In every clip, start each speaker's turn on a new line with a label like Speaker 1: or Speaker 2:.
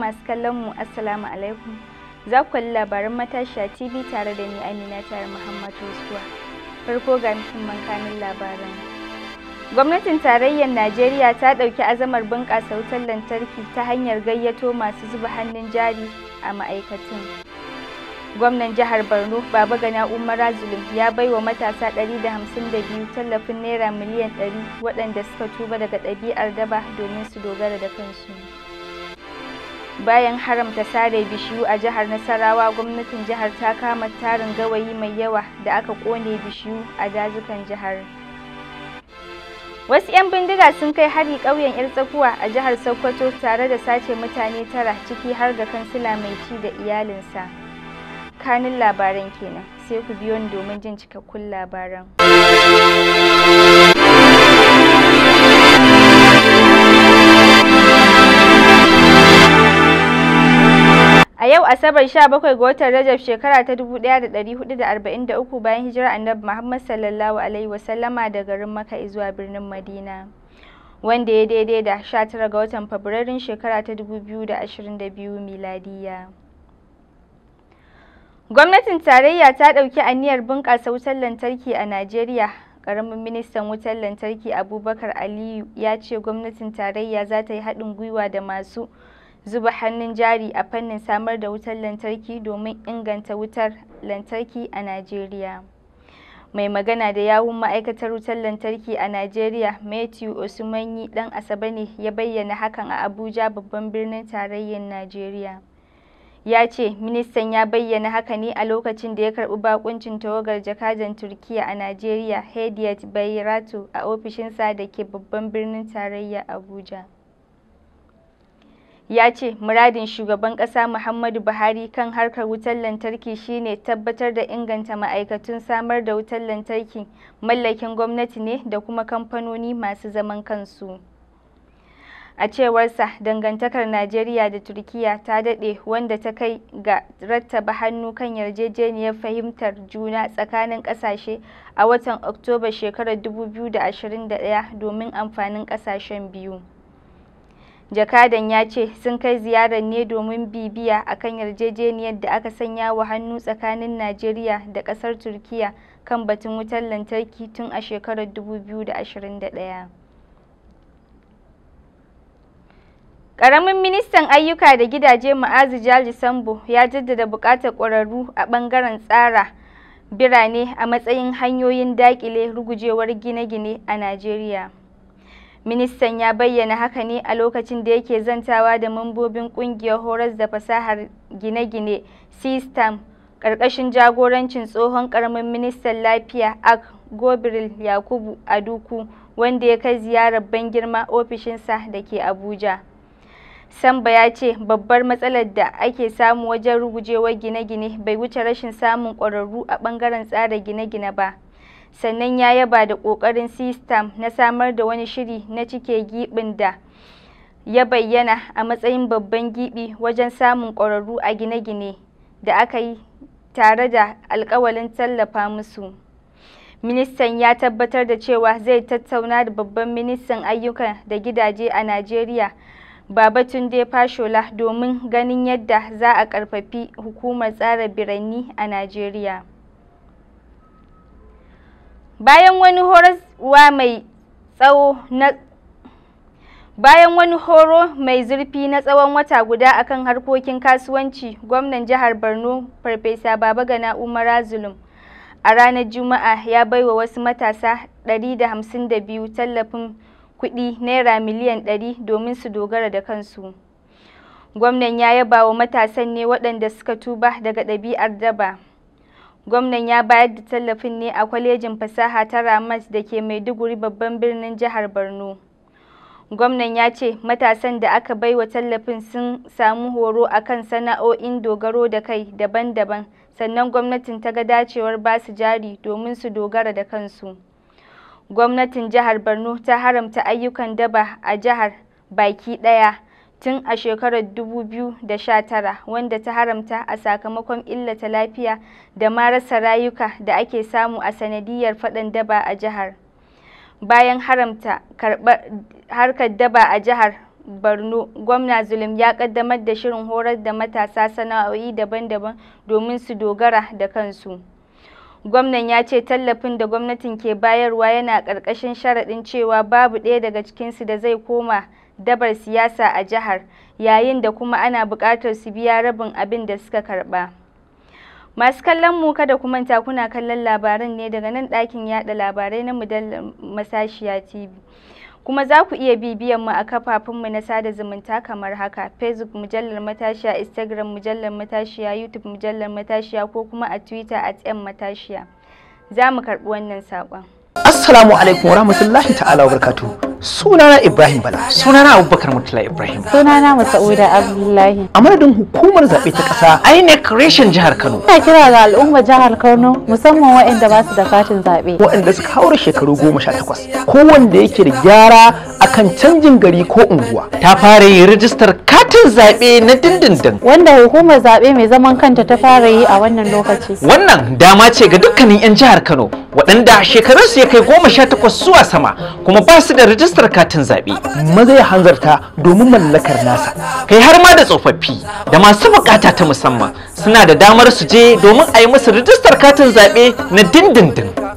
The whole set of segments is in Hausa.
Speaker 1: masu kallon mu assalamu alaikum za ku kalli labaran matashiya tv tare da ni amina tare muhammad Yusuf. farko ga muhimman kanin labaran gwamnatin tarayyar najeriya ta ɗauki azamar bunƙasa wutar lantarki ta hanyar gayyato masu zuba hannun jari a ma'aikatan gwamnan jihar borno baba gana umar zulum ya bai wa matasa 152 tallafin naira miliyan 100 waɗanda suka tuba daga ɗabi'ar daba domin su dogara da kansu bayan haramta sare bishiyu a jihar nasarawa gwamnatin jihar ta kama tarin gawayi mai yawa da aka kone bishiyu a dazukan jihar wasu 'yan bindiga sun kai hari ƙauyen 'yar tsakuwa a jihar sokoto tare da sace mutane tara ciki har da kansila mai ci da iyalinsa kanin labaran kenan sai ku biyo ni domin jin cikakkun labaran yau Asabar 17 ga watan Rajab shekara ta 1443 bayan hijirar Annabi Muhammad sallallahu alaihi wasallama daga garin Makka zuwa birnin Madina. Wanda ya daidai da 19 ga watan Fabrairun shekara ta 2022 miladiya. Gwamnatin tarayya ta ɗauki aniyar bunƙasa wutar lantarki a Najeriya. karamin ministan wutar lantarki Abubakar Aliyu ya ce gwamnatin tarayya za ta yi haɗin gwiwa da masu zuba hannun jari a fannin samar da wutar lantarki domin inganta wutar lantarki a Najeriya. Mai magana da yawun ma'aikatar wutar lantarki a Najeriya, Matthew Osumanyi ɗan Asabe ne ya bayyana hakan a Abuja babban birnin tarayyar Najeriya. Ya ce ministan ya bayyana haka ne a lokacin da ya karɓi bakuncin tawagar jakadan turkiya a Najeriya, Hediyat Bayratu, a ofishinsa da ke babban birnin tarayya Abuja. ya ce muradin shugaban ƙasa Muhammadu Buhari kan harkar wutar lantarki shine tabbatar da inganta ma'aikatun samar da wutar lantarki mallakin gwamnati ne da kuma kamfanoni masu zaman kansu. A cewarsa, dangantakar Najeriya da Turkiyya ta daɗe wanda ta kai ga rattaba hannu kan yarjejeniyar fahimtar juna tsakanin ƙasashe a watan Oktoba shekarar 2021 domin amfanin ƙasashen biyu. Jakadan ya ce sun kai ziyarar ne domin bibiya a kan yarjejeniyar da aka sanya wa hannu tsakanin Najeriya da kasar Turkiya kan batun wutar lantarki tun a shekarar 2021. Ƙaramin ministan ayyuka da gidaje Ma'azu Jali Sambo ya jaddada buƙatar ƙwararru a ɓangaren tsara birane a matsayin hanyoyin daƙile rugujewar gine-gine a Najeriya. Ministan ya bayyana haka ne a lokacin da yake zantawa da mambobin kungiyar horas da fasahar gine-gine sistam ƙarƙashin jagorancin tsohon ƙaramin ministan lafiya Ak Gobril Yakubu Aduku wanda ya kai ziyarar ban girma ofishinsa da ke Abuja. Samba ya ce babbar matsalar da ake samu wajen rugujewar gine-gine bai wuce rashin samun ƙwararru a ɓangaren tsara gine-gine ba. sannan ya yaba da kokarin sistam na samar da wani shiri na cike gibin da ya bayyana a matsayin babban gibi wajen samun ƙwararru a gine-gine da aka yi tare da alkawalin tallafa musu. Ministan ya tabbatar da cewa zai tattauna da babban ministan ayyuka da gidaje a Najeriya, Babatunde Fashola, domin ganin yadda za a karfafi hukumar tsara biranni a Najeriya. bayan wani mai tsawo na bayan wani horo mai zurfi na tsawon wata guda akan harkokin kasuwanci gwamnan jihar borno farfesa gana umara zulum a ranar juma'a ya baiwa wasu matasa 152 tallafin kuɗi naira miliyan 100 domin su dogara da kansu gwamnan ya yaba wa matasan ne waɗanda suka tuba daga ɗabi'ar daba Gwamnan ya bayar da tallafin ne a kwalejin fasaha ta Ramat da ke Maiduguri babban birnin jihar Borno. Gwamnan ya ce matasan da aka baiwa tallafin sun samu horo akan sana'o'in dogaro da kai daban-daban sannan gwamnatin ta ga dacewar basu jari domin su dogara da kansu. Gwamnatin jihar Borno ta haramta ayyukan daba a jihar baki ɗaya. tun a shekarar 2019 wanda ta haramta a sakamakon illata lafiya da ma rasa rayuka da ake samu a sanadiyar faɗan daba a jihar. Bayan haramta harkar daba a jihar Borno, gwamna Zulum ya kaddamar da shirin horar da matasa sana'o'i daban-daban domin su dogara da kansu. Gwamnan ya ce tallafin da gwamnatin ke bayarwa yana ƙarƙashin sharaɗin cewa babu ɗaya daga cikinsu da zai koma dabar siyasa a jihar yayin da kuma ana buƙatar su biya rabin abin da suka karɓa. Masu kallon mu kada kuma manta kuna kallon labaran ne daga nan ɗakin yaɗa labarai na mujallar Masashiya TV. Kuma za ku iya bibiyan mu a kafafunmu na sada zumunta kamar haka Facebook mujallar matashiya, Instagram mujallar matashiya, YouTube mujallar matashiya ko kuma a Twitter at matashiya. Za mu karɓi wannan saƙon.
Speaker 2: Assalamu alaikum wa rahmatullahi ta'ala wa barakatu. sunana ibrahim bala sunana abubakar murtala ibrahim sunana masauda abdullahi a madadin hukumar zaɓe ta ƙasa inec reshen jihar kano ina kira ga al'ummar jihar kano musamman waɗanda ba su da katin zaɓe waɗanda suka haura shekaru goma sha takwas ko yake da gyara akan canjin gari ko unguwa ta fara yin rijistar katin zaɓe na dindindin
Speaker 1: wanda hukumar zaɓe mai zaman kanta ta fara yi a wannan lokaci
Speaker 2: wannan dama ce ga dukkanin 'yan jihar kano waɗanda shekarunsu ya kai goma sha takwas zuwa sama kuma ba su da rijistar katin zaɓe maza ya hanzarta domin mallakar nasa kai har ma da tsofaffi da masu bukata ta musamman suna da damar su je domin a yi musu rijistar katin zaɓe na dindindin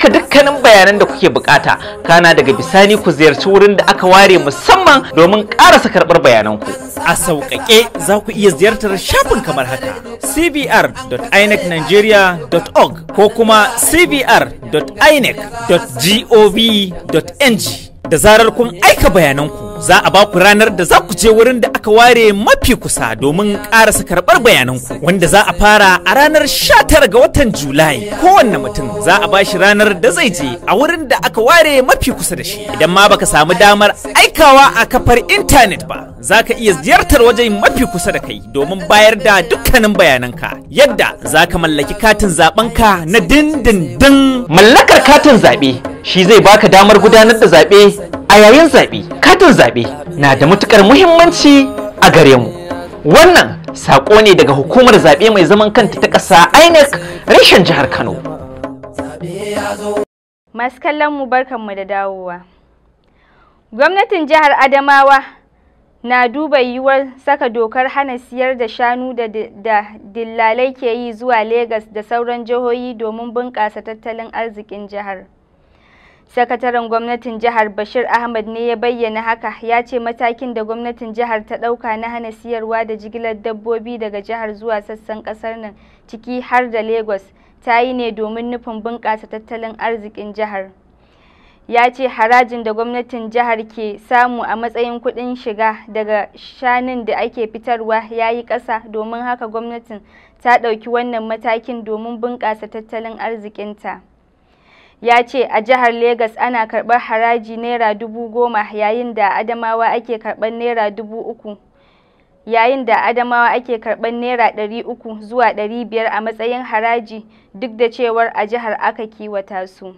Speaker 2: Ka dukkanin bayanan da kuke bukata kana daga bisani ku ziyarci wurin da aka ware musamman domin karasa karbar ku a sauƙaƙe za ku iya ziyartar shafin kamar haka cbr.inecnigeria.org ko kuma cbr.inec.gov.ng da zarar kun aika bayananku za a baku ranar da za ku je wurin da aka ware mafi kusa domin karasa karɓar bayananku wanda za a fara a ranar 19 ga watan Julai. Kowanne mutum za a bashi ranar da zai je a wurin da aka ware mafi kusa da shi. Idan ma baka samu damar aikawa a kafar intanet ba. za ka iya ziyartar waje mafi kusa da kai domin bayar da dukkanin bayananka yadda za ka mallaki katin zaɓenka na dindindin. Mallakar katin zaɓe shi zai baka damar gudanar da zaɓe a yayin zaɓe. Katin zaɓe na da matuƙar muhimmanci a gare mu. Wannan saƙo ne daga hukumar zaɓe mai zaman kanta ta ƙasa INEC rashin jihar Kano.
Speaker 1: Masu kallon mu barkanmu da dawowa. Gwamnatin jihar Adamawa na duba yiwuwar saka dokar hana siyar da shanu da dillalai ke yi zuwa Legas da sauran jihohi domin bunƙasa tattalin arzikin jihar. Sakataren gwamnatin jihar Bashir Ahmad ne ya bayyana haka ya ce matakin da gwamnatin jihar ta ɗauka na hana siyarwa da jigilar dabbobi daga jihar zuwa sassan ƙasar nan ciki har da legas ta yi ne domin nufin bunƙasa tattalin arzikin jihar. ya ce harajin da gwamnatin jihar ke samu a matsayin kuɗin shiga daga shanun da ake fitarwa ya yi ƙasa domin haka gwamnatin ta ɗauki wannan matakin domin bunƙasa tattalin arzikinta. ya ce a jihar Legas ana karbar haraji naira dubu goma yayin da Adamawa ake karɓar naira dubu uku yayin da Adamawa ake karbar naira ɗari uku zuwa ɗari biyar a matsayin haraji duk da cewar a jihar aka kiwata su.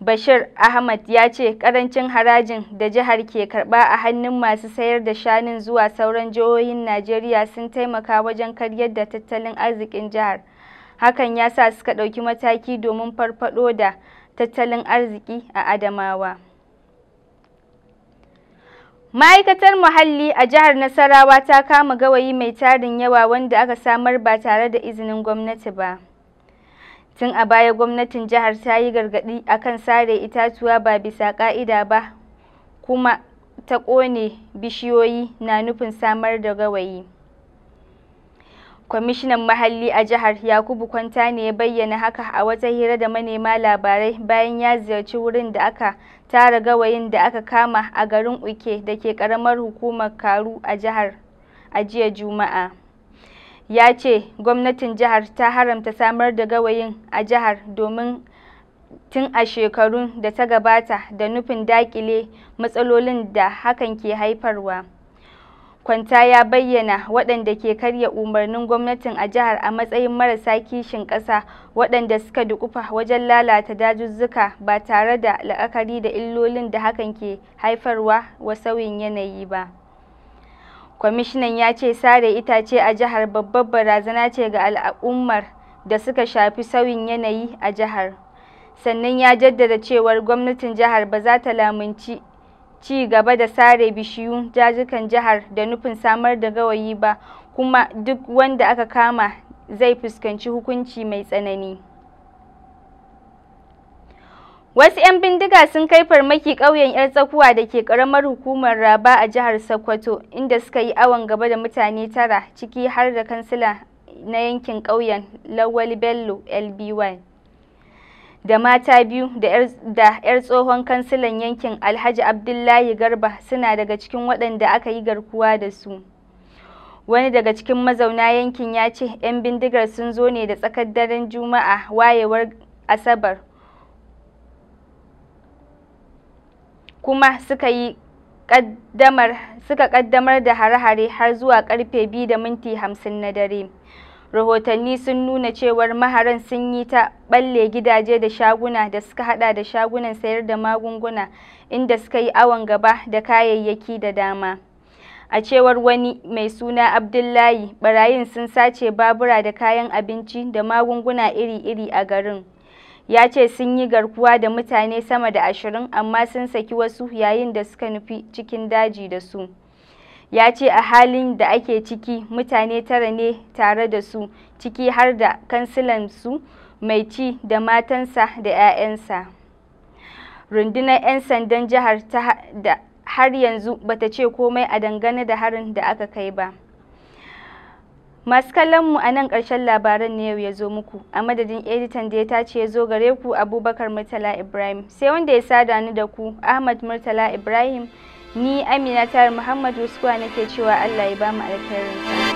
Speaker 1: Bashir Ahmad ya ce karancin harajin da jihar ke karba a hannun masu sayar da shanun zuwa sauran jihohin Najeriya sun taimaka wajen karyar da tattalin arzikin jihar. Hakan ya sa suka ɗauki mataki domin farfaɗo da tattalin arziki a Adamawa. Ma'aikatar Muhalli a jihar Nasarawa ta kama gawayi mai tarin yawa wanda aka samar ba tare da izinin gwamnati ba. Tun a baya gwamnatin jihar ta yi gargaɗi a kan sare itatuwa ba bisa ƙa'ida ba kuma ta ƙone bishiyoyi na nufin samar da gawayi. Kwamishinan Muhalli a jihar Yakubu Kwanta ne ya bayyana haka a wata hira da manema labarai bayan ya ziyarci wurin da aka tara gawayin da aka kama a garin Uke da ke ƙaramar hukumar Karu a jihar a jiya Juma'a. ya ce gwamnatin jihar ta haramta samar da gawayin a jihar domin tun a shekarun da ta gabata da nufin dakile matsalolin da hakan ke haifarwa. Kwanta ya bayyana waɗanda ke karya umarnin gwamnatin a jihar a matsayin marasa kishin ƙasa waɗanda suka dukufa wajen lalata dajuzzuka ba tare da la'akari da illolin da hakan ke haifarwa wa sauyin yanayi ba. Kwamishinan ya ce sare itace a jihar babbar barazana ce ga al'ummar da suka shafi sauyin yanayi a jihar. Sannan ya jaddada cewar gwamnatin jihar ba za ta lamunci ci gaba da sare bishiyu jajikan jihar da nufin samar da gawayi ba kuma duk wanda aka kama zai fuskanci hukunci mai tsanani. Wasu 'yan bindiga sun kai farmaki ƙauyen 'yar tsakuwa da ke ƙaramar hukumar Raba a jihar Sokoto, inda suka yi awon gaba da mutane tara, ciki har da kansila na yankin ƙauyen Lawal Bello LB1. Da mata biyu da 'yar tsohon kansilan yankin Alhaji Abdullahi Garba suna daga cikin waɗanda aka yi garkuwa da su. Wani daga cikin mazauna yankin ya ce 'yan bindigar sun zo ne da tsakar daren Juma'a wayewar Asabar. kuma suka yi kaddamar suka kaddamar da hare-hare har zuwa karfe 2 da minti 50 na dare. Rahotanni sun nuna cewar maharan sun yi ta balle gidaje da shaguna da suka hada da shagunan sayar da magunguna inda suka yi awon gaba da kayayyaki da dama. A cewar wani mai suna Abdullahi, barayin sun sace babura da kayan abinci da magunguna iri-iri a garin. ya ce sun yi garkuwa da mutane sama da ashirin amma sun saki wasu yayin da suka nufi cikin daji da su ya ce a halin da ake ciki mutane tara ne tare da su ciki har da kansilan su mai ci da matansa da 'ya'yansa rundunar 'yan sandan jihar ta har yanzu bata ce komai a dangane da harin da aka kai ba Masu kallon mu a nan ƙarshen labaran na yau ya zo muku, a madadin editan da ya tace ya zo gare ku Abubakar Murtala Ibrahim, sai wanda ya sada ni da ku Ahmad Murtala Ibrahim, ni Amina Tayar Muhammad Suwa nake cewa Allah ya ba mu sa.